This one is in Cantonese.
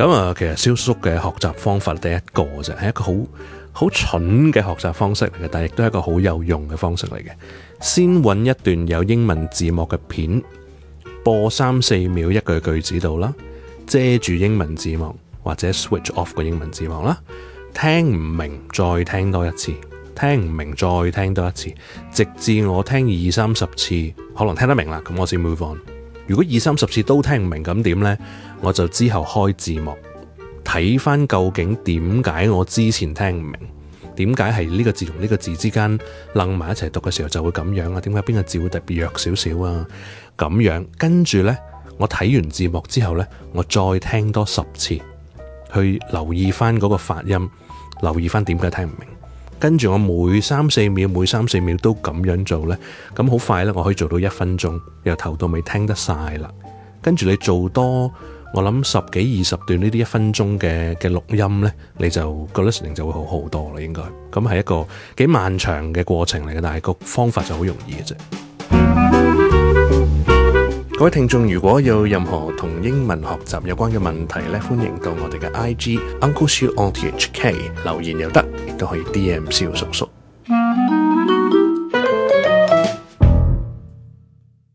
咁啊，其實蕭叔嘅學習方法第一個就係一個好好蠢嘅學習方式嚟嘅，但亦都係一個好有用嘅方式嚟嘅。先揾一段有英文字幕嘅片，播三四秒一句句子度啦，遮住英文字幕或者 switch off 個英文字幕啦，聽唔明再聽多一次，聽唔明再聽多一次，直至我聽二三十次可能聽得明啦，咁我先 move on。如果二三十次都聽唔明咁點呢？我就之後開字幕睇返究竟點解我之前聽唔明，點解係呢個字同呢個字之間楞埋一齊讀嘅時候就會咁樣啊？點解邊個字會特別弱少少啊？咁樣跟住呢，我睇完字幕之後呢，我再聽多十次，去留意返嗰個發音，留意返點解聽唔明。跟住我每三四秒，每三四秒都咁樣做呢，咁好快呢，我可以做到一分鐘，由頭到尾聽得晒啦。跟住你做多，我諗十幾二十段呢啲一分鐘嘅嘅錄音呢，你就個 listening 就會好好多啦，應該。咁係一個幾漫長嘅過程嚟嘅，但係個方法就好容易嘅啫。各位聽眾如果有任何同英文學習有關嘅問題呢，歡迎到我哋嘅 IG Uncle Shiu on THK 留言又得。都可以 DM 小叔叔。